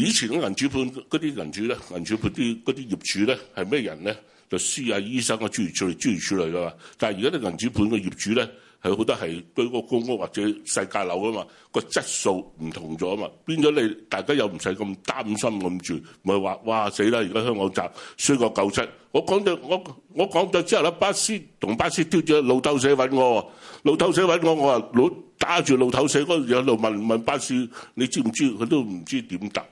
以前嘅銀主盤嗰啲銀主咧，銀主盤啲嗰啲業主咧係咩人咧？律師啊、醫生啊，諸如此類、諸如此類㗎嘛。但係而家啲銀主盤嘅業主咧，係好多係對個公屋或者細價樓啊嘛，個質素唔同咗啊嘛。變咗你大家又唔使咁擔心咁住，咪話哇死啦！而家香港集衰過九七。我講咗我我講到之後咧，巴士同巴士挑咗路透社揾我，路透社揾我，我話老打住路透社嗰度有度問問，問巴士，你知唔知道？佢都唔知點答。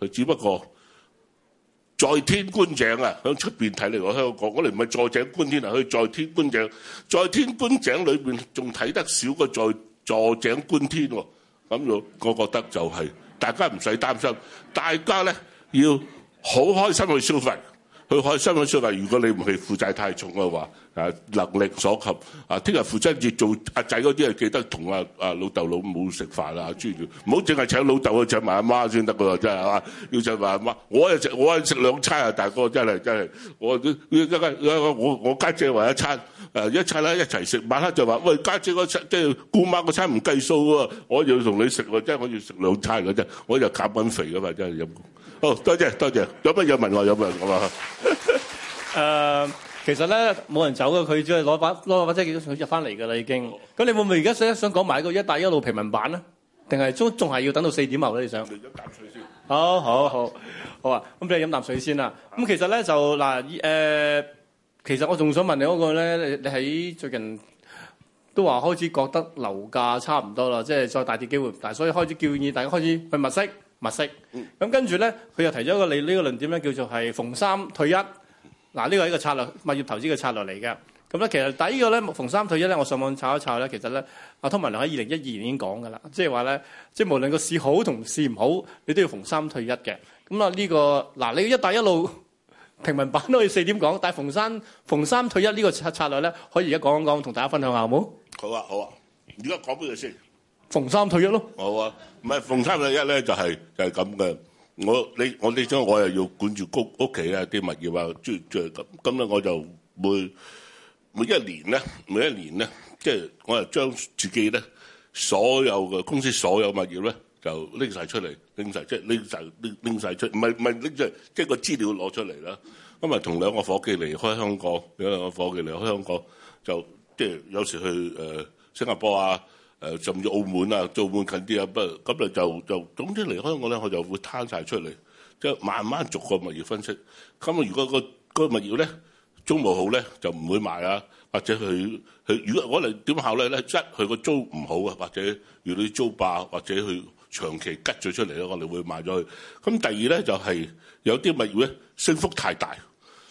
佢只不過在天觀井啊，響出面睇嚟我香港，我哋唔係在井觀天啊，去在天觀井，在天觀井裏面仲睇得少過在坐井觀天喎，咁我我覺得就係大家唔使擔心，大家呢要好開心去消費，去開心去消費，如果你唔係負債太重嘅話。啊、能力所及啊！聽日父親節做阿仔嗰啲，啊、記得同阿阿老豆老母食飯啊！朱條唔好淨係請老豆，要請埋阿媽先得噶喎！真係啊，要請埋阿媽。我又食，我係食兩餐啊！大哥真係真係，我我我家姐話一餐誒一餐啦，一齊食。晚黑就話喂家姐個餐，即係姑媽個餐唔計數啊。我要同你食喎，即係我要食兩餐嗰陣，我就減緊肥噶嘛！真係有好多謝多謝，有乜嘢問我有乜嘢講啊？誒、 uh,。其實咧冇人走嘅，佢只係攞把攞把遮件入翻嚟㗎啦，已經。咁你會唔會而家想想講埋一個一帶一路平民版咧？定係都仲係要等到四點後咧？你想？嚟咗飲水先。好好好好啊！咁你飲啖水先啦。咁其實咧就嗱誒，其實我仲想問你嗰個咧，你你喺最近都話開始覺得樓價差唔多啦，即係再大跌機會唔大，所以開始建議大家開始去物色物色。咁跟住咧，佢又提咗一個你呢個論點咧，叫做係逢三退一。嗱、啊、呢、這個係一個策略，物業投資嘅策略嚟嘅。咁咧，其實第一呢個咧，逢三退一咧，我上網上查一查咧，其實咧，阿、啊、湯文亮喺二零一二年已經講㗎啦，即係話咧，即係無論個市好同市唔好，你都要逢三退一嘅。咁、這個、啊，呢個嗱，你一帶一路平民版都可以四點講，但係逢三逢三退一呢個策策略咧，可以而家講一講，同大家分享一下好唔好？好啊，好啊，而家講畀佢先？逢三退一咯。好啊，唔係逢三退一咧、就是，就係就係咁嘅。我你想我你將我又要管住屋屋企啊啲物業啊，即係咁咁咧，我就會每每一年咧，每一年咧，即係、就是、我又將自己咧所有嘅公司所有物業咧，就拎晒出嚟，拎晒即係拎晒拎拎曬出，唔係唔係拎出嚟，即係個資料攞出嚟啦。咁啊，同兩個伙計離開香港，兩個伙計離開香港，就即係、就是、有時去誒、呃、新加坡啊。誒，甚至澳門啊，澳門近啲啊，不咁啊，就就總之離開我咧，我就會攤晒出嚟，即係慢慢逐個物業分析。咁啊、那個那個，如果個個物業咧租冇好咧，就唔會賣啊。或者佢佢如果我嚟點考慮咧，即係佢個租唔好啊，或者如果啲租霸，或者佢長期吉咗出嚟咧，我哋會賣咗佢。咁第二咧就係、是、有啲物業咧升幅太大。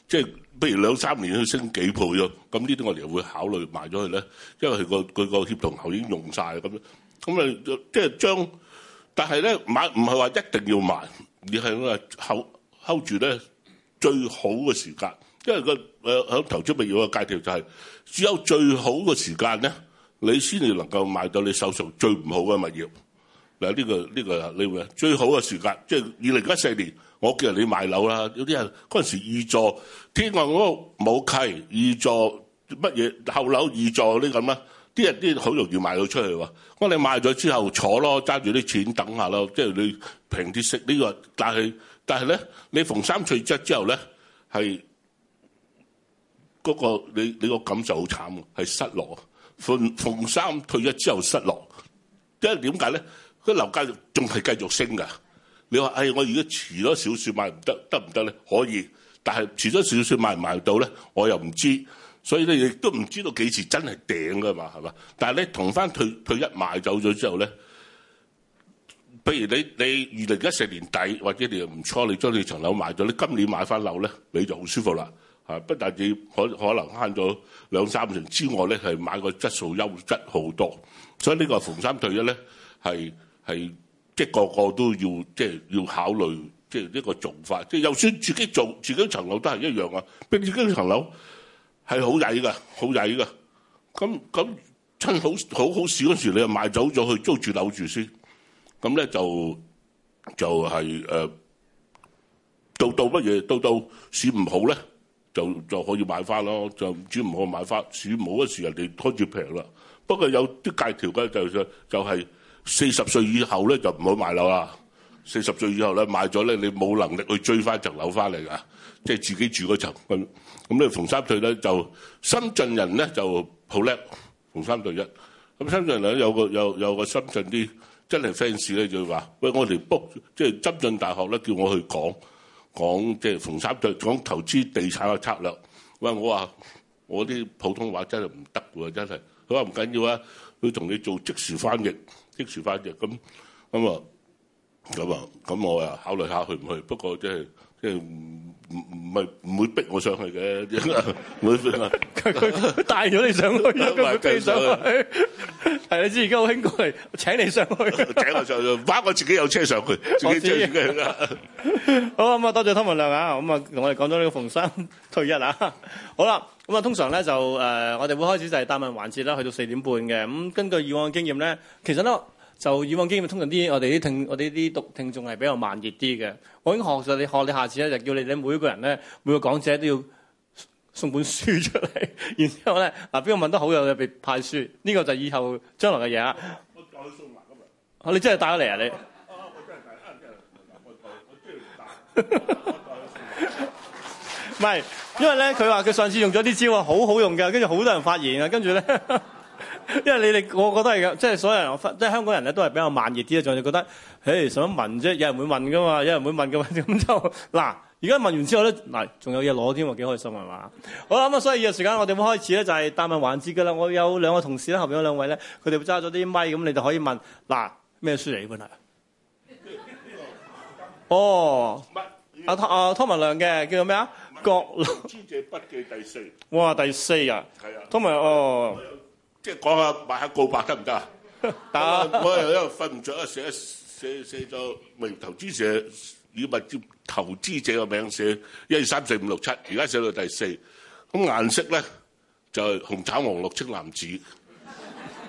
即係，譬如兩三年去升幾倍咯，咁呢啲我哋會考慮賣咗佢咧，因為佢個佢個協同效已經用晒，咁咁啊即係將，但係咧買唔係話一定要賣，而係我係 hold hold 住咧最好嘅時間，因為、那個喺喺、呃、投資物業嘅界條就係、是、只有最好嘅時間咧，你先至能夠買到你手上最唔好嘅物業。嗱、這、呢個呢、這個你會最好嘅時間，即係二零一四年。我叫人哋買樓啦，有啲人嗰陣時二座天岸屋冇契，二座乜嘢後樓二座啲咁啊，啲人啲好容易賣到出去喎。咁你賣咗之後坐咯，揸住啲錢等下咯，即係你平啲息呢個。但係但係咧，你逢三退一之後咧，係嗰個你你個感受好慘啊，係失落啊。逢逢三退一之後失落，因為點解咧？佢樓價仲係繼續升噶。你話，唉、哎，我如果遲咗少少買唔得，得唔得咧？可以，但係遲咗少少買唔買到咧？我又唔知，所以你亦都唔知道幾時真係頂㗎嘛，係嘛？但係你同翻退退一買走咗之後咧，譬如你你二零一四年底或者你又唔錯，你將你層樓賣咗，你今年買翻樓咧，你就好舒服啦。不但止可可能慳咗兩三成之外咧，係買個質素優質好多，所以呢個逢三退一咧，係係。即係個個都要，即係要考慮，即係呢個做法。即係就算自己做自己層樓都係一樣啊。本身自己層樓係好曳嘅，好曳嘅。咁咁趁好好好少嗰時，你又買走咗去租住樓住先。咁咧就就係、是、誒、呃、到到乜嘢？到到市唔好咧，就就可以買翻咯。就市唔好買翻，市唔好嘅時候人哋開始平啦。不過有啲界條嘅就是、就係、是。四十歲以後咧就唔好買樓啦。四十歲以後咧買咗咧，你冇能力去追翻層樓翻嚟㗎。即係自己住嗰層咁。咁咧逢三對咧就深圳人咧就好叻，逢三對一。咁深圳人呢，有個有有個深圳啲真係 fans 咧就話：喂，我哋 book 即係深圳大學咧叫我去講講即係逢三對講投資地產嘅策略。喂，我話我啲普通話真係唔得喎，真係。佢話唔緊要啊，佢同你做即時翻譯。即時發隻，咁咁啊，咁啊，咁我又考慮下去唔去，不過即係。即係唔唔唔係唔會逼我上去嘅，唔 不會。佢佢帶咗你上去，佢 咪上去。係 你知而家好興過嚟請你上去，請 我上去，哇我自己有車上去，自己最靚 好啊，咁、嗯、啊，多謝湯文亮啊，咁、嗯、啊，同我哋講咗呢個逢三退一啊。好啦，咁、嗯、啊，通常咧就誒、呃，我哋會開始就係答問環節啦，去到四點半嘅。咁、嗯、根據以往嘅經驗咧，其實咧。就以往經驗，通常啲我哋啲聽我哋啲讀聽眾係比較慢熱啲嘅。我已經學咗你學，你下次咧就叫你哋每，每個人咧每個講者都要送本書出嚟，然之後咧嗱邊個問得好有嘅就被派書。呢、這個就以後將來嘅嘢啊！我教你送埋咁樣。你真係帶咗嚟啊你？我真係帶真係我我真係帶。唔係，因為咧佢話佢上次用咗啲招啊，好好用㗎，跟住好多人發言啊，跟住咧。 因為你哋我覺得係嘅，即係所有人，即係香港人咧都係比較慢熱啲，就覺得，誒，想問啫，有人會問噶嘛，有人會問噶嘛，咁就嗱，而家問完之後咧，嗱，仲有嘢攞添，幾開心係嘛？ 好啦，咁啊，所以而家時間我哋會開始咧，就係、是、答問環節噶啦。我有兩個同事咧，後邊有兩位咧，佢哋會揸咗啲咪，咁、嗯、你就可以問，嗱，咩書嚟？本嚟？哦，阿阿湯文亮嘅，叫做咩 啊？《國之者筆記》第四。哇，第四啊！同 埋哦。即係講下買下告白得唔得啊？我我又因為瞓唔著啊，寫寫寫做微投資社業務接投資者嘅名寫一二三四五六七，而家寫到第四。咁顏色咧就係紅橙黃綠青藍紫，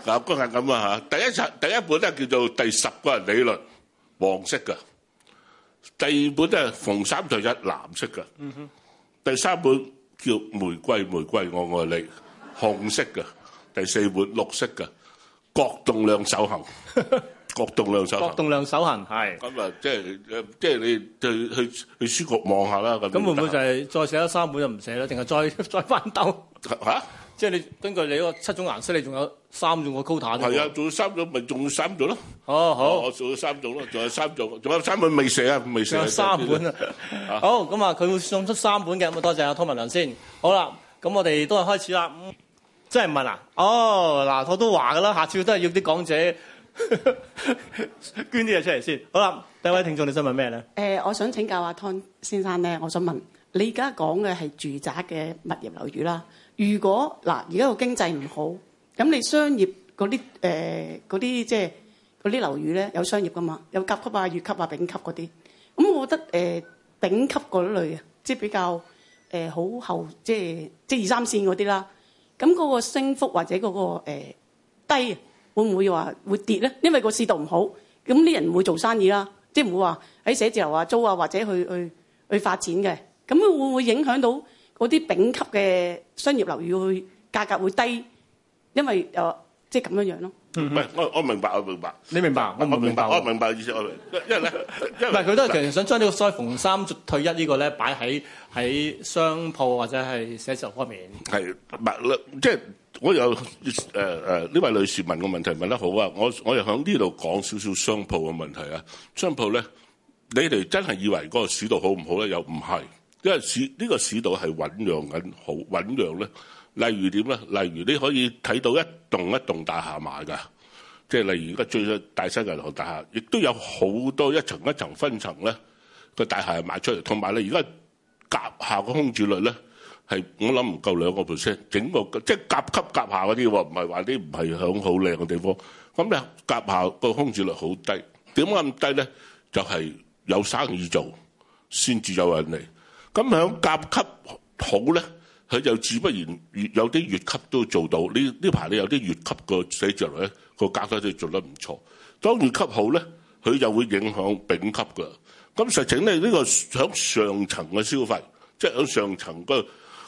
嗱，均係咁啊吓。第一冊第一本咧叫做第十個人理論，黃色嘅；第二本咧逢三就一，藍色嘅；第三本叫玫瑰玫瑰我愛你，紅色嘅。第四本綠色嘅，角動量守恒，角動量守恒，角動量守恒，係。咁啊，即係即係你去去去書局望下啦。咁會唔會就係再寫多三本就唔寫啦？定係再再翻兜嚇？即係你根據你嗰七種顏色，你仲有三種個高塔。係啊，做三種咪做三種咯。哦，好，我做咗三種咯，仲有三種，仲有三本未寫啊，未寫。仲有三本啊！好，咁啊，佢會送出三本嘅，咁啊，多謝阿湯文亮先。好啦，咁我哋都係開始啦。真係問啊！哦，嗱，我都話㗎啦，下次都係要啲講者捐啲嘢出嚟先。好啦，第一位聽眾你想問咩咧？誒、呃，我想請教阿湯先生咧，我想問你而家講嘅係住宅嘅物業樓宇啦。如果嗱，而家個經濟唔好，咁你商業嗰啲誒嗰啲即係嗰啲樓宇咧，有商業㗎嘛？有甲級啊、乙級啊、丙級嗰啲。咁我覺得誒、呃、頂級嗰類啊，即係比較誒好、呃、後，即係即係二三線嗰啲啦。咁、那、嗰個升幅或者嗰、那個、呃、低，會唔會話會跌呢？因為個市道唔好，咁啲人唔會做生意啦，即係唔會話喺寫字樓啊租啊或者去去去發展嘅，咁會唔會影響到嗰啲頂級嘅商業樓宇去價格會低？因為、呃、即係咁樣樣咯。唔、嗯、係，我我明白，我明白。你明白，我，我，明，白我明白。我明白，我明白意思， 我明白。因為咧，唔係佢都係其實想將呢個衰逢三退一個呢個咧擺喺喺商鋪或者係寫字樓方面。係，唔係即係我有誒誒呢位女士問個問題問得好啊！我我又喺呢度講少少商鋪嘅問題啊！商鋪咧，你哋真係以為嗰個市道好唔好咧？又唔係，因為市呢、這個市道係醞釀緊好醞釀咧。例如點咧？例如你可以睇到一棟一棟大廈賣㗎，即係例如而家最新大新銀行大廈，亦都有好多一層一層分層咧個大廈係賣出嚟。同埋咧，而家夾下個空置率咧係我諗唔夠兩個 percent。整個即係甲級夾下嗰啲喎，唔係話啲唔係響好靚嘅地方。咁咧夾下個空置率好低，點解咁低咧？就係有生意做先至有人嚟。咁響甲級好咧？佢就自不然，越有啲乙級都做到呢。呢排你有啲乙級個寫作率咧，個價格都做得唔錯。當乙級好咧，佢就會影響丙級噶。咁實情咧，呢個響上層嘅消費，即係響上層個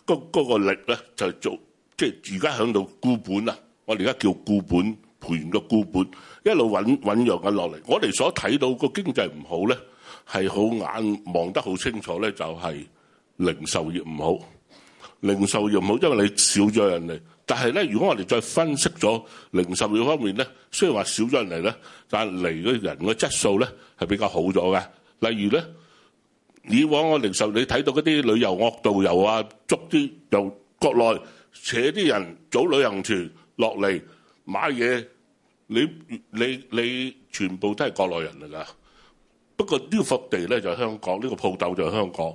個嗰力咧，就做即係而家響度固本啊。我哋而家叫固本培元個固本一路穩穩弱緊落嚟。我哋所睇到個經濟唔好咧，係好眼望得好清楚咧，就係零售業唔好。零售業唔好，因為你少咗人嚟。但係咧，如果我哋再分析咗零售業方面咧，雖然話少咗人嚟咧，但係嚟嘅人嘅質素咧係比較好咗嘅。例如咧，以往我零售你睇到嗰啲旅遊惡導遊啊，捉啲由國內扯啲人組旅行團落嚟買嘢，你你你全部都係國內人嚟㗎。不過呢幅地咧就係香港，呢個鋪頭就係香港。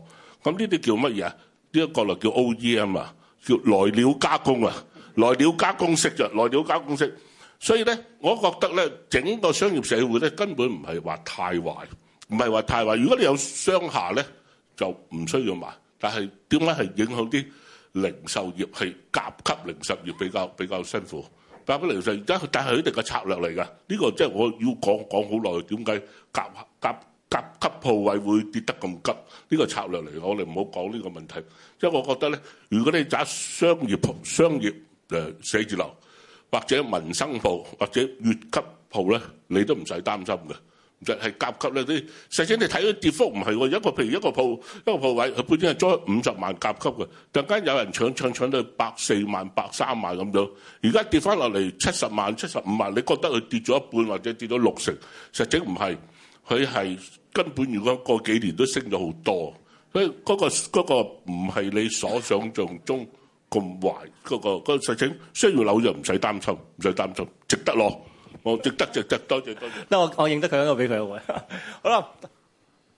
咁呢啲叫乜嘢？呢個國內叫 O.E.M 啊，叫來料加工啊，來料加工式啫，來料加工式。所以咧，我覺得咧，整個商業社會咧根本唔係話太壞，唔係話太壞。如果你有商廈咧，就唔需要賣。但係點解係影響啲零售業係甲級零售業比較比較辛苦？甲級零售業而家，但係佢哋嘅策略嚟㗎。呢個即係我要講講好耐。點解夾夾？甲級鋪位會跌得咁急，呢、這個策略嚟，我哋唔好講呢個問題，因為我覺得咧，如果你打商，商業、商業誒寫字樓，或者民生鋪，或者乙級鋪咧，你都唔使擔心嘅，就係、是、甲級咧啲。實質你睇到跌幅唔係喎，一個譬如一個鋪一個鋪位，佢本身係租五十萬甲級嘅，突然間有人搶搶搶到百四萬、百三萬咁樣，而家跌翻落嚟七十萬、七十五萬，你覺得佢跌咗一半或者跌咗六成？實質唔係。佢係根本，如果過幾年都升咗好多，所以嗰、嗰個嗰唔係你所想像中咁壞。嗰、嗰個嗰事、嗰個、情，需要扭咗，唔使擔心，唔使擔心，值得囉，我值得就值得。多謝多謝。得，得，得，得我我認得佢，我俾佢位。 好啦，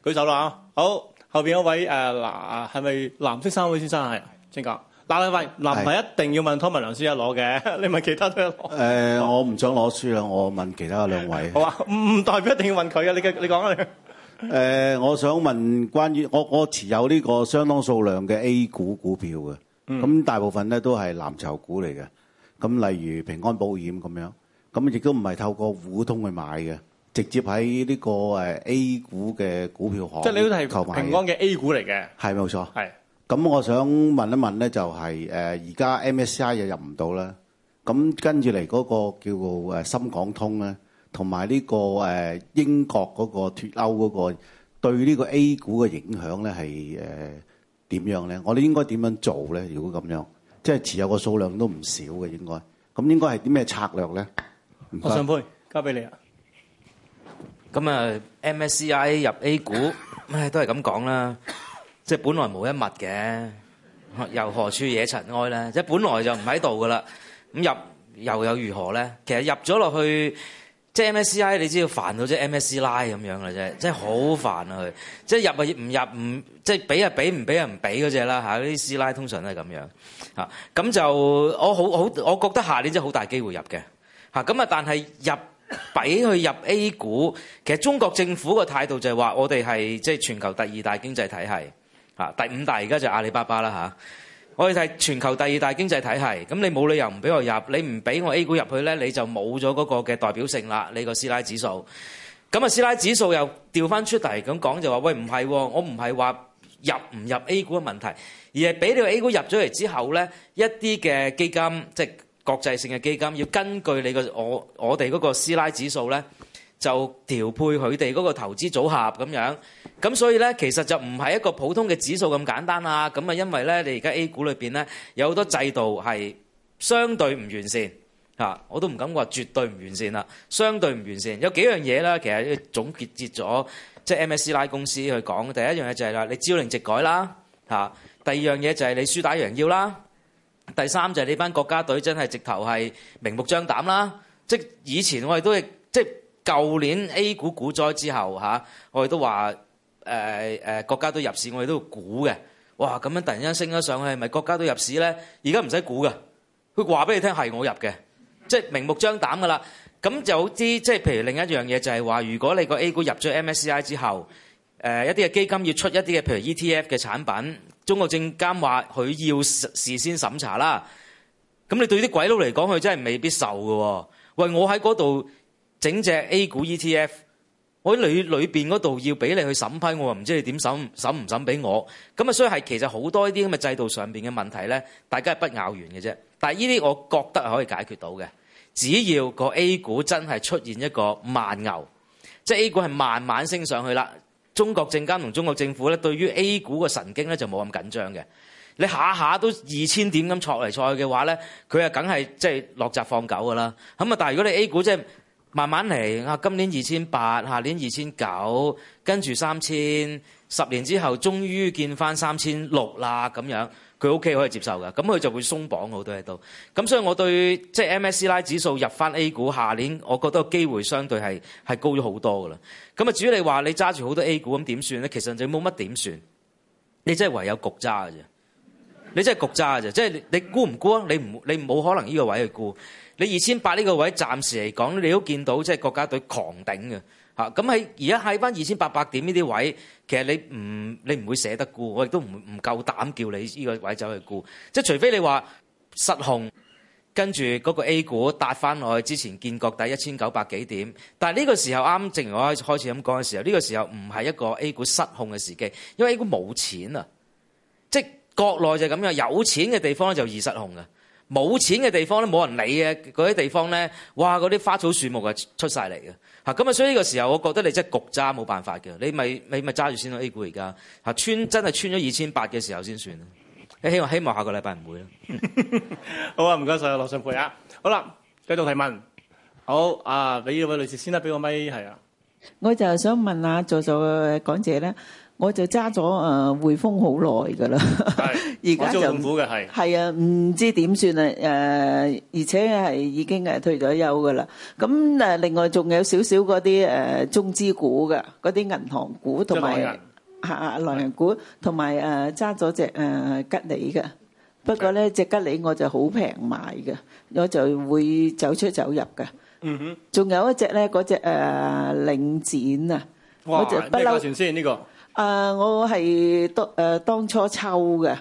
舉手啦啊！好，後邊一位誒嗱係咪藍色衫位先生係請講？是嗱，唔係，嗱唔係一定要問湯文亮先生攞嘅，你問其他都得。誒，我唔想攞書啦，我問其他兩位。好啊，唔代表一定要問佢嘅，你嘅，你講啊。誒，我想問關於我，我持有呢個相當數量嘅 A 股股票嘅，咁大部分咧都係藍籌股嚟嘅，咁例如平安保險咁樣，咁亦都唔係透過股通去買嘅，直接喺呢個誒 A 股嘅股票行。即係你都係購買平安嘅 A 股嚟嘅。係冇錯。係。咁我想問一問咧，就係誒而家 MSCI 又入唔到啦，咁跟住嚟嗰個叫做誒深港通咧，同埋呢個誒英國嗰個脫歐嗰個對呢個 A 股嘅影響咧係誒點樣咧？我哋應該點樣做咧？如果咁樣，即係持有個數量都唔少嘅，應該咁應該係啲咩策略咧？我尚沛交俾你啊！咁啊，MSCI 入 A 股，唉，都係咁講啦。即係本來冇一物嘅，又何處惹塵埃咧？即係本來就唔喺度㗎喇，咁入又有如何咧？其實入咗落去，即係 MSCI，你知道煩到即係 MSCI 咁樣啦，啫，即係好煩啊！佢即係入，入即係俾唔俾唔俾啊，唔入唔即係俾啊，俾唔俾啊，唔俾嗰隻啦嚇！啲師奶通常都係咁樣嚇，咁、啊、就我好好，我覺得下年即係好大機會入嘅嚇，咁啊，但係入俾去入 A 股，其實中國政府個態度就係話，我哋係即係全球第二大經濟體系。啊，第五大而家就阿里巴巴啦吓，我哋係全球第二大經濟體系，咁你冇理由唔俾我入，你唔俾我 A 股入去咧，你就冇咗嗰個嘅代表性啦，你個師奶指數。咁啊，師奶指數又調翻出嚟咁講就話喂，唔係，我唔係話入唔入 A 股嘅問題，而係俾你個 A 股入咗嚟之後咧，一啲嘅基金，即係國際性嘅基金，要根據你個我我哋嗰個師奶指數咧。就調配佢哋嗰個投資組合咁樣，咁所以咧其實就唔係一個普通嘅指數咁簡單啦。咁啊，因為咧你而家 A 股裏邊咧有好多制度係相對唔完善嚇，我都唔敢話絕對唔完善啦，相對唔完善有幾樣嘢啦。其實總結結咗即係 MSCI 公司去講，第一樣嘢就係啦，你朝令夕改啦嚇；第二樣嘢就係你輸打贏要啦；第三就係呢班國家隊真係直頭係明目張膽啦。即係以前我哋都係即係。舊年 A 股股災之後、吓、我哋都話誒誒國家都入市，我哋都估嘅。哇，咁樣突然間升咗上去，咪國家都入市咧？而家唔使估㗎，佢話俾你聽係我入嘅，即係明目張膽噶啦。咁有啲即係譬如另一樣嘢就係、是、話，如果你個 A 股入咗 MSCI 之後，誒、呃、一啲嘅基金要出一啲嘅譬如 ETF 嘅產品，中國證監話佢要事先審查啦。咁你對啲鬼佬嚟講，佢真係未必受㗎喎。喂，我喺嗰度。整隻 A 股 ETF，我喺裏裏邊嗰度要俾你去審批，我又唔知你點審審唔審俾我？咁啊，所以係其實好多一啲咁嘅制度上邊嘅問題咧，大家係不拗完嘅啫。但係呢啲我覺得係可以解決到嘅，只要個 A 股真係出現一個慢牛，即係 A 股係慢慢升上去啦。中國證監同中國政府咧，對於 A 股嘅神經咧就冇咁緊張嘅。你下下都二千點咁戳嚟戳去嘅話咧，佢啊梗係即係落閘放狗噶啦。咁啊，但係如果你 A 股即係慢慢嚟啊！今年二千八，下年二千九，跟住三千，十年之後終於見翻三千六啦！咁樣佢 O K 可以接受㗎。咁佢就會鬆綁好多喺度。咁所以我對即係 MSCI 指數入翻 A 股，下年我覺得個機會相對係係高咗好多噶啦。咁啊，至於你話你揸住好多 A 股咁點算咧？其實就冇乜點算，你真係唯有局揸㗎啫。你真係局揸啫，即係你估唔估啊？你唔你冇可能呢個位去估。你二千八呢個位，暫時嚟講，你都見到即係國家隊狂頂嘅嚇。咁喺而家喺翻二千八百點呢啲位，其實你唔你唔會捨得沽，我亦都唔唔夠膽叫你呢個位走去沽。即係除非你話失控，跟住嗰個 A 股搭翻落去之前，見過低一千九百幾點。但係呢個時候啱正如我開始咁講嘅時候，呢、這個時候唔係一個 A 股失控嘅時機，因為 A 股冇錢啊。即係國內就係咁樣，有錢嘅地方就易失控嘅。冇錢嘅地方咧，冇人理嘅嗰啲地方咧，哇！嗰啲花草樹木啊，出晒嚟嘅吓。咁啊，所以呢個時候，我覺得你真係焗揸，冇辦法嘅。你咪你咪揸住先咯。A 股而家嚇穿真係穿咗二千八嘅時候先算啦。希望希望下個禮拜唔會啦。 好啊，唔該晒，啊，樂信會羅尚沛啊。好啦，繼續提問。好啊，俾呢位女士先啦，俾個咪。係啊。我就想問下做做在座嘅講者咧。我就揸咗誒匯豐好耐嘅啦，而家就係啊，唔知點算啊誒，而且係已經係退咗休嘅啦。咁誒，另外仲有少少嗰啲誒中資股嘅，嗰啲銀行股同埋嚇，內銀股同埋誒揸咗隻誒吉利嘅。不過咧，隻吉利我就好平買嘅，我就會走出走入嘅。嗯哼，仲有一隻咧，嗰隻誒領展啊，我就不嬲先呢個。誒，我係當誒當初抽嘅。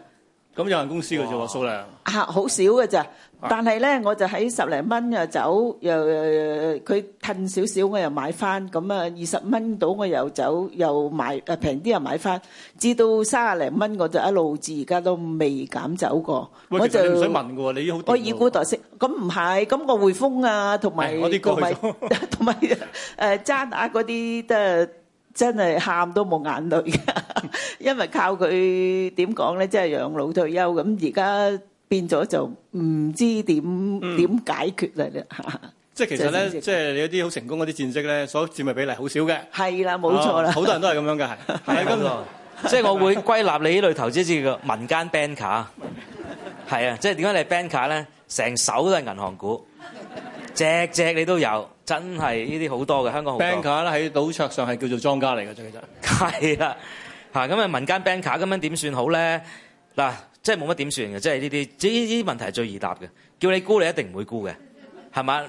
咁有限公司嘅啫喎，數量。嚇，好少嘅咋？但係咧，我就喺十零蚊又走，又佢褪少少，我又買翻。咁啊，二十蚊到我又走，又買誒平啲又買翻。至到三啊零蚊，我就一路至而家都未減走過。我就想問嘅喎，你好？我以古代今，咁唔係，咁個匯豐啊，同埋同埋同埋誒爭壓嗰啲都，真係喊都冇眼淚，因為靠佢點講咧，即係養老退休。咁而家變咗就唔知點點解決啦。即係其實咧，即係有啲好成功嗰啲戰績咧，所佔嘅比例好少嘅。係啦，冇錯啦。好多人都係咁樣嘅，係。係咁啊！即係我會歸納你呢類投資叫做民間 banker。係啊，即係點解你係 banker 咧？成手都係銀行股，隻隻你都有。真係呢啲好多嘅，香港好多。banker 啦，喺賭桌上係叫做莊家嚟嘅，其實係。係啦，嚇咁啊，民間 banker 咁樣點算好咧？嗱，即係冇乜點算嘅，即係呢啲，即係呢啲問題係最易答嘅。叫你沽，你一定唔會沽嘅，係嘛？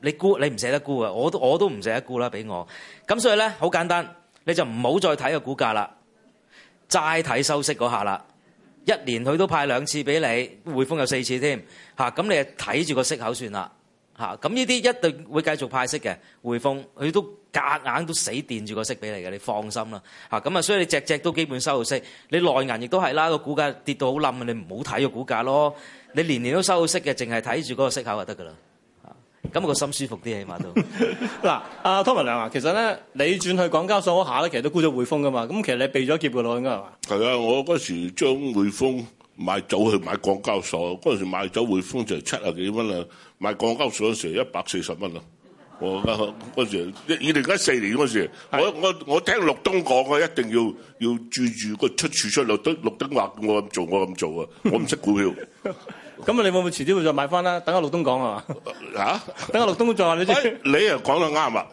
你沽，你唔捨得沽嘅，我都我都唔捨得沽啦，俾我。咁所以咧，好簡單，你就唔好再睇個股價啦，齋睇收息嗰下啦。一年佢都派兩次俾你，匯豐有四次添，嚇咁你就睇住個息口算啦。嚇咁呢啲一定會繼續派息嘅，匯豐佢都夾硬都死墊住個息俾你嘅，你放心啦嚇。咁啊，所以你只只都基本收到息，你內銀亦都係啦，個股價跌到好冧，你唔好睇個股價咯，你年年都收到息嘅，淨係睇住嗰個息口就得㗎啦。嚇，咁我個心舒服啲起碼都。嗱，阿湯文亮啊，其實咧你轉去港交所嗰下咧，其實都沽咗匯豐㗎嘛。咁其實你避咗劫㗎咯，應該係嘛？係啊，我嗰時將匯豐。買酒去買港交所，嗰陣時買酒匯豐就七啊幾蚊啦，買港交所嘅時候一百四十蚊啦。我零依四年嗰陣時，我我我聽陸東講一定要要注意個出處出路。陸陸東話我咁做，我咁做啊，我唔識股票。咁你會唔會遲啲會再買翻啦？等下陸東講係嘛？嚇！等下陸東再話你知？你又講得啱啊！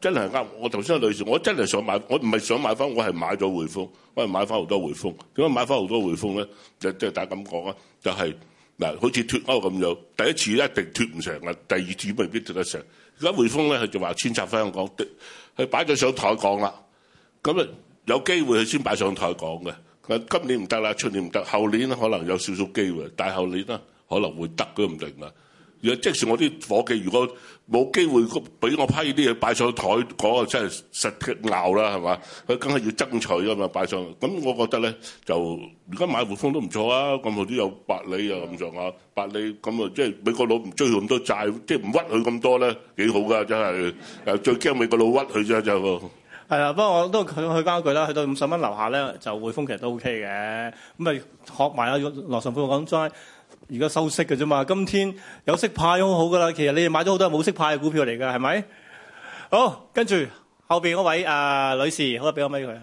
真係啱！我頭先有類似，我真係想買，我唔係想買翻，我係買咗匯豐，我係買翻好多匯豐。點解買翻好多匯豐咧？就即係大家咁講啊！就係嗱，好似脫歐咁樣，第一次一定脫唔成啊，第二次未必脫得成。而家匯豐咧，佢就話遷冊翻香港，佢擺咗上台講啦。咁啊，有機會佢先擺上台講嘅。但今年唔得啦，出年唔得，後年可能有少少機會，但係後年啦可能會得佢唔定啊。如果即使我啲伙計如果冇機會俾我批啲嘢擺上台，嗰、那個真係實拗啦，係嘛？佢梗係要爭取㗎嘛，擺上去。咁我覺得咧，就而家買匯豐都唔錯啊，咁佢都有百里啊，咁上下，百里。咁啊，即係美國佬唔追佢咁多債，即係唔屈佢咁多咧，幾好㗎，真係。誒最驚美國佬屈佢啫、就是，就係。啦，不過我都佢佢加一句啦，去到五十蚊樓下咧，就匯豐其實都 OK 嘅。咁咪學埋阿羅尚沛講齋。而家收息嘅啫嘛。今天有息派好好噶啦。其實你哋買咗好多係冇息派嘅股票嚟嘅，係咪？好，跟住後邊嗰位啊、呃、女士，好啊，俾個咪佢啊。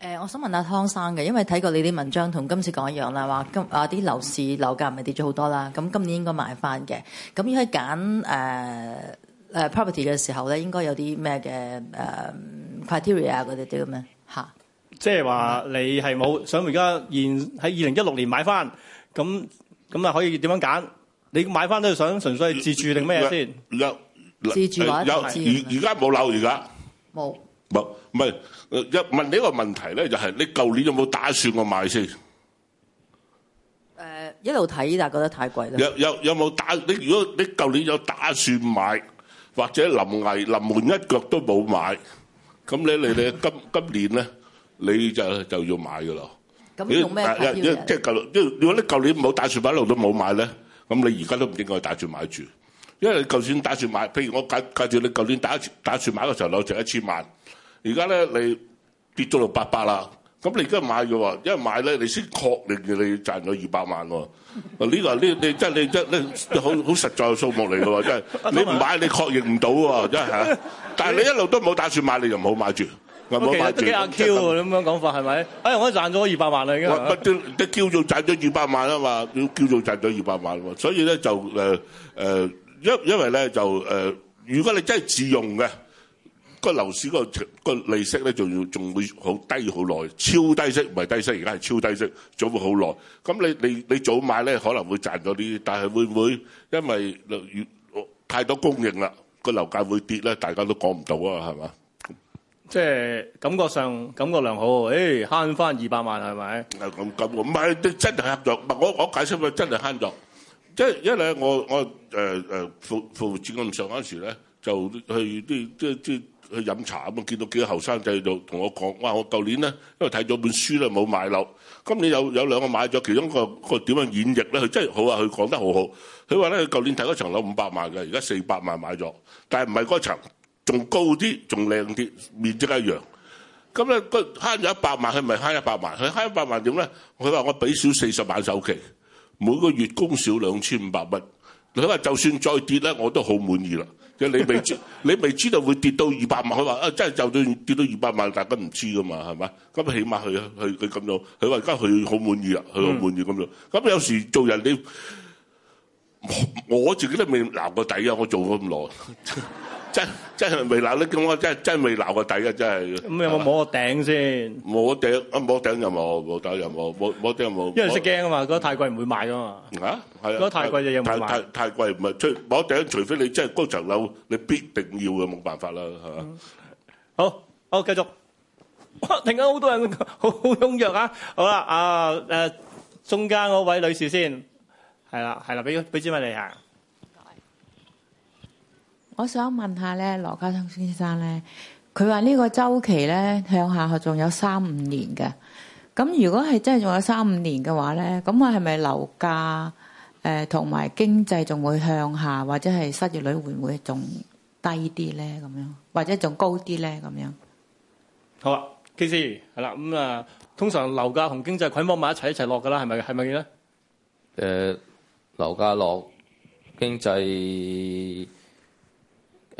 誒，我想問下湯生嘅，因為睇過你啲文章，同今次講一樣啦，話今啊啲樓市樓價唔係跌咗好多啦。咁今年應該買翻嘅。咁如果揀誒誒 property 嘅時候咧，應該有啲咩嘅誒 criteria 啊嗰啲咁樣嚇？即係話你係冇、嗯、想而家現喺二零一六年買翻。咁咁啊，可以點樣揀？你買翻都係想純粹係自住定咩嘢先？自住或者投資？有而而家冇樓，而家冇冇唔係一問你一個問題咧，就係你舊年有冇打算我買先？誒一路睇，但係覺得太貴啦。有有有冇打？你如果你舊年有打算買，或者臨危臨門一腳都冇買，咁咧你咧今今年咧你就就要買噶啦。你啊，即係舊，如果你舊年唔好打算買一路都冇買咧，咁你而家都唔應該打算買住，因為你就算打算買，譬如我介介紹你舊年打，打算買嘅時候攞剩一千萬，而家咧你跌咗到八百啦，咁你而家買嘅喎，一買咧你先確認你賺咗二百萬喎，呢、 呢個呢你真係你真你好好實在嘅數目嚟嘅喎，真係，你唔買你確認唔到喎，真係嚇， 但係你一路都冇打算買，你又唔好買住。其實都幾阿 Q 喎，咁樣講法係咪？哎，我都賺咗二百萬啦，已經即叫叫做賺咗二百萬啊嘛，叫叫做賺咗二百萬喎。所以咧就誒誒，因因為咧就誒，如果你真係自用嘅，個樓市個個利息咧，仲要仲會好低好耐，超低息唔係低息，而家係超低息，仲會好耐。咁你你你早買咧可能會賺到啲，但係會唔會因為太多供應啦，個樓價會跌咧？大家都講唔到啊，係嘛？即係感覺上感覺良好，誒慳翻二百萬係咪？咁咁唔係真係合作。唔係我我解釋佢真係慳咗，即係一嚟我我誒誒服服務咁上嗰陣時咧，就去啲即即去飲茶咁啊，見到幾個後生仔就同我講，哇！我舊年咧因為睇咗本書咧冇買樓，今年有有兩個買咗，其中一個一個點樣演繹咧，佢真係好啊！佢講得好好，佢話咧佢舊年睇嗰層樓五百萬嘅，而家四百萬買咗，但係唔係嗰層。仲高啲，仲靚啲，面積一樣。咁咧，佢慳咗一百萬，佢咪慳一百萬？佢慳一百萬點咧？佢話我俾少四十萬首期，每個月供少兩千五百蚊。佢話就算再跌咧，我都好滿意啦。即係你未知，你未知道會跌到二百萬。佢話啊，真係就算跌到二百萬，大家唔知噶嘛，係嘛？咁起碼佢佢佢咁做。佢話而家佢好滿意啦，佢好滿意咁做。咁有時做人你，我自己都未撈過底啊！我做咗咁耐。真真係未鬧你咁，我真係真未鬧個底嘅，真係。咁有冇摸個頂先？摸頂啊！摸頂又冇，冇得又冇，摸摸頂又冇。因為識驚啊嘛，覺得太貴唔會買噶嘛。嚇，係啊，覺得太貴就又唔買。太太貴唔係，除摸頂，除非你真係嗰層樓你必定要嘅，冇辦法啦，係嘛？好好繼續。哇！突然間好多人，好好踴躍啊！好啦，啊誒，中間嗰位女士先，係啦，係啦，俾俾支咪嚟啊！我想問下咧，羅家聰先生咧，佢話呢個周期咧向下，仲有三五年嘅。咁如果係真係仲有三五年嘅話咧，咁我係咪樓價誒同埋經濟仲會向下，或者係失業率會唔會仲低啲咧？咁樣，或者仲高啲咧？咁樣。好啊，KC 係啦，咁啊，通常樓價同經濟捆綁埋一齊一齊落噶啦，係咪係咪咧？誒，樓價落，經濟。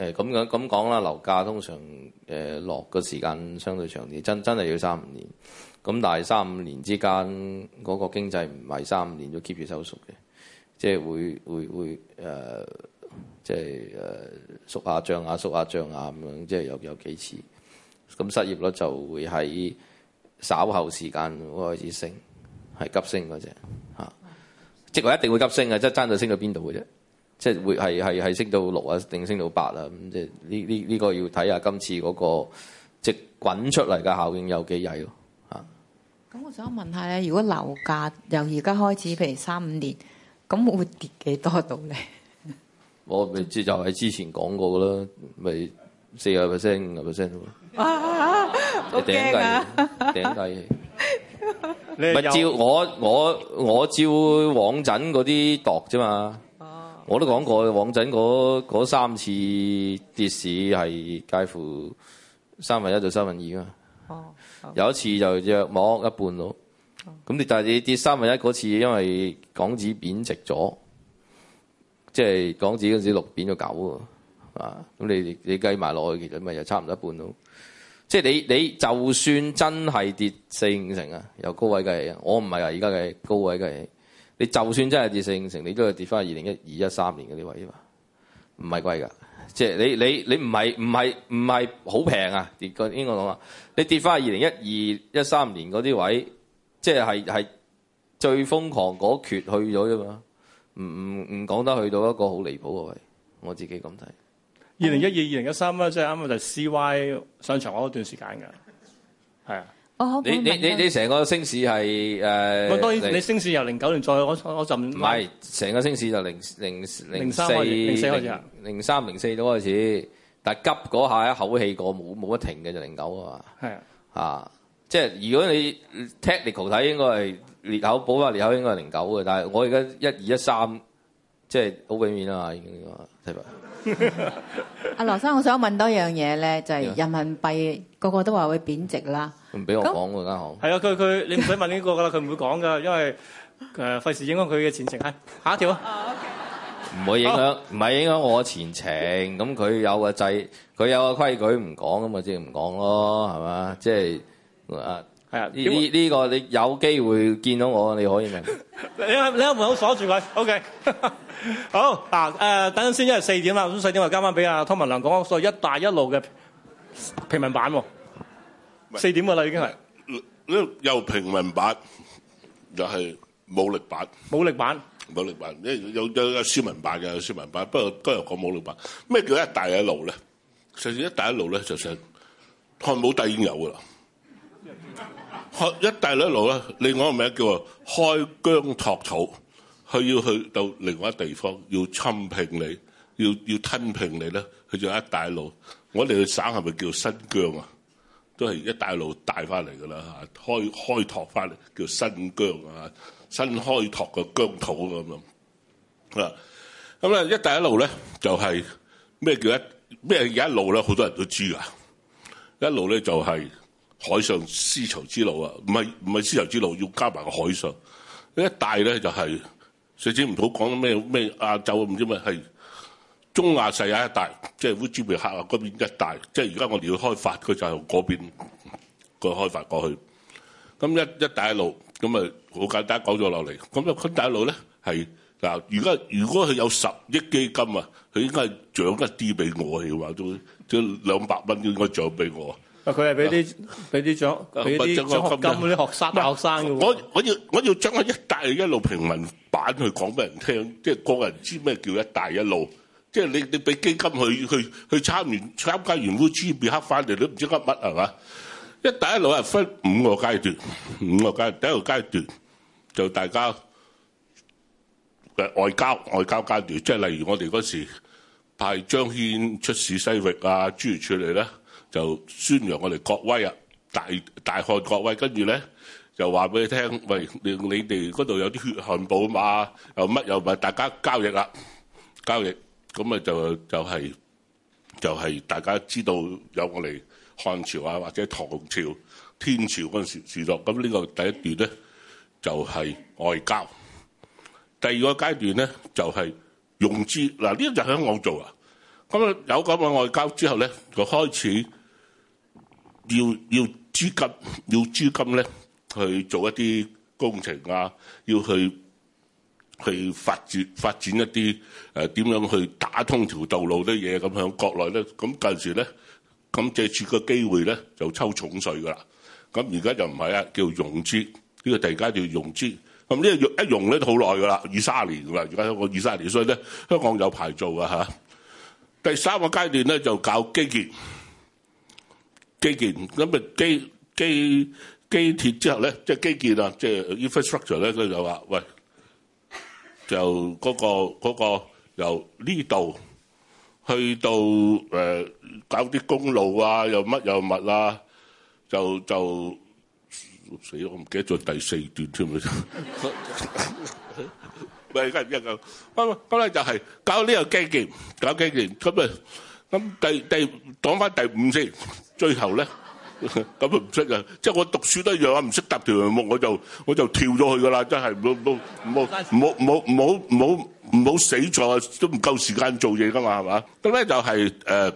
誒咁樣咁講啦，樓價通常誒落個時間相對長啲，真真係要三五年。咁但係三五年之間，嗰個經濟唔係三五年都 keep 住收縮嘅，即係會會會誒、呃，即係誒縮下漲呀縮下漲呀咁樣，即係有有幾次。咁失業率就會喺稍後時間開始升，係急升嗰隻，即係話一定會急升嘅，即係爭到升到邊度嘅啫。即係會係係係升到六啊，定升到八啊？咁即係呢呢呢個要睇下今次嗰個即係滾出嚟嘅效應有幾曳咯嚇。咁我想問下咧，如果樓價由而家開始，譬如三五年，咁會跌幾多到咧？我咪即就係之前講過嘅啦，咪四十 percent、五十 percent 咯。啊！好驚啊！頂計，頂計，咪照我我我照往陣嗰啲度啫嘛。我都講過，往陣嗰嗰三次跌市係介乎三分一到三分二啊、哦。有一次就約摸一半囉。咁、嗯、你但係你跌三分一嗰次，因為港紙貶值咗，即係港紙嗰時六貶咗九喎。啊、嗯，咁你你計埋落去，其實咪又差唔多一半囉。即、就、係、是、你你就算真係跌四五成啊，由高位計，我唔係話而家計高位計。你就算真係跌四成，你都係跌翻二零一二一三年嗰啲位嘛，唔係貴㗎，即係你你你唔係唔係唔係好平啊跌個，應該講話，你跌翻二零一二一三年嗰啲位，即係係最瘋狂嗰缺去咗啫嘛，唔唔唔講得去到一個好離譜嘅位，我自己咁睇。二零一二、二零一三啦，即係啱啱就係 CY 上場嗰段時間㗎，係啊。Oh, 你，你你你你成個升市係誒、呃？我當然你升市由零九年再我我浸買，唔係成個升市就零零零三、零四、零三、零四開，開，開始，但係急嗰下一口氣過冇冇得停嘅就零、是、九啊嘛。係啊，即係如果你 technical 睇應該係裂口補翻裂，裂口應該係零九嘅，但係我而家一二一三即係好畀面啊已經啊。阿羅生，我想問多樣嘢咧，就係、是、人民幣、啊、個個都話會貶值啦。唔俾我講嗰間行，係啊！佢佢你唔使問呢個噶啦，佢唔會講噶，因為誒費事影響佢嘅前程。係下一條啊，唔、oh, okay. 會影響，唔係影響我前程。咁佢有個掣，佢有個規矩，唔講咁嘛，即係唔講咯，係嘛？即、就、係、是、啊，係啊！呢呢、這個你有機會見到我，你可以明白 你。你你喺門口鎖住佢。OK 好。好嗱誒，等,等陣先，因為四點啦，咁四點我交翻俾阿湯文亮講，所以一帶一路嘅平民版喎。四點㗎啦，已經係呢度又平民版，又係武力版，武力版，武力版。呢有有，有斯文版嘅，有斯文版。不過今日講武力版。咩叫一帶一路咧？其實一帶一路咧，就想漢武帝已經有㗎啦。漢 一帶一路咧，另外一個名叫做開疆拓土。佢要去到另外一地方，要侵平你，要要吞平你咧。佢就一帶一路。我哋嘅省係咪叫新疆啊？都係一帶一路帶翻嚟噶啦，開開拓翻嚟叫新疆啊，新開拓嘅疆土咁樣啊。咁啊，一帶一路咧就係、是、咩叫一咩叫一路咧？好多人都知啊。一路咧就係、是、海上絲綢之路啊，唔係唔係絲綢之路，要加埋個海上。呢一帶咧就係、是，上次唔好講咩咩亞洲，唔、啊、知咩係。是中世亞勢界一帶，即係烏茲比克啊嗰邊一帶，即係而家我哋要開發，佢就係嗰邊個開發過去。咁一一帶一路咁啊，好簡單講咗落嚟。咁啊一一，一帶一路咧係嗱，如果佢有十億基金啊，佢應，應該獎一啲俾我嘅話，都即係兩百蚊應該獎俾我。啊，佢係俾啲俾啲獎俾啲 獎學金啲學生 大學生嘅。我我要我要將佢一帶一路平民版去講俾人聽，即係幫人知咩叫一帶一路。即係你，你俾基金，金去去去參完參加完烏茲別克翻嚟，你都唔知噏乜係嘛？一帶一路係分五個階段，五個階段第一個階段就大家外交外交階段，即係例如我哋嗰時派張騫出使西域啊，諸如此類咧，就宣揚我哋國威啊，大大漢國威。跟住咧就話俾你聽，喂，你哋嗰度有啲血汗寶馬嘛又乜又咪大家交易啦，啊，交易。咁咪就就係就係大家知道有我哋漢朝啊，或者唐朝天朝嗰陣時時代，咁呢個第一段咧就係外交。第二個階段咧就係融資，嗱，呢個就喺香港做啊。咁啊有咁嘅外交之後咧，就開始要要資金，要資金咧去做一啲工程啊，要去。去發展發展一啲誒點樣去打通條道路啲嘢咁喺國內咧，咁近時咧，咁借住個機會咧就抽重稅噶啦。咁而家就唔係啊，叫融資呢、呢個第二階段叫融資，咁呢個一融咧都好耐噶啦，二三十年噶啦，而家一個二三十年，所以咧香港有排做㗎。嚇、啊。第三個階段咧就搞基建，基建咁啊機機機鐵之後咧，即係基建啊，即係 infrastructure 咧，佢就話喂。由嗰個嗰個由呢度去到誒搞啲公路啊，又乜又乜啊，就就死，我唔記得咗第四段添啦。咪而家唔一樣，咁咁咧就係搞呢個基建，搞基建咁啊，咁第第講翻第五先，最後咧。咁都唔識㗎，即係我讀書都一樣，唔識搭條目我就我就跳咗去㗎啦！真係冇冇冇冇唔好唔好死在，都唔夠時間做嘢㗎嘛係嘛？咁咧就係誒。呃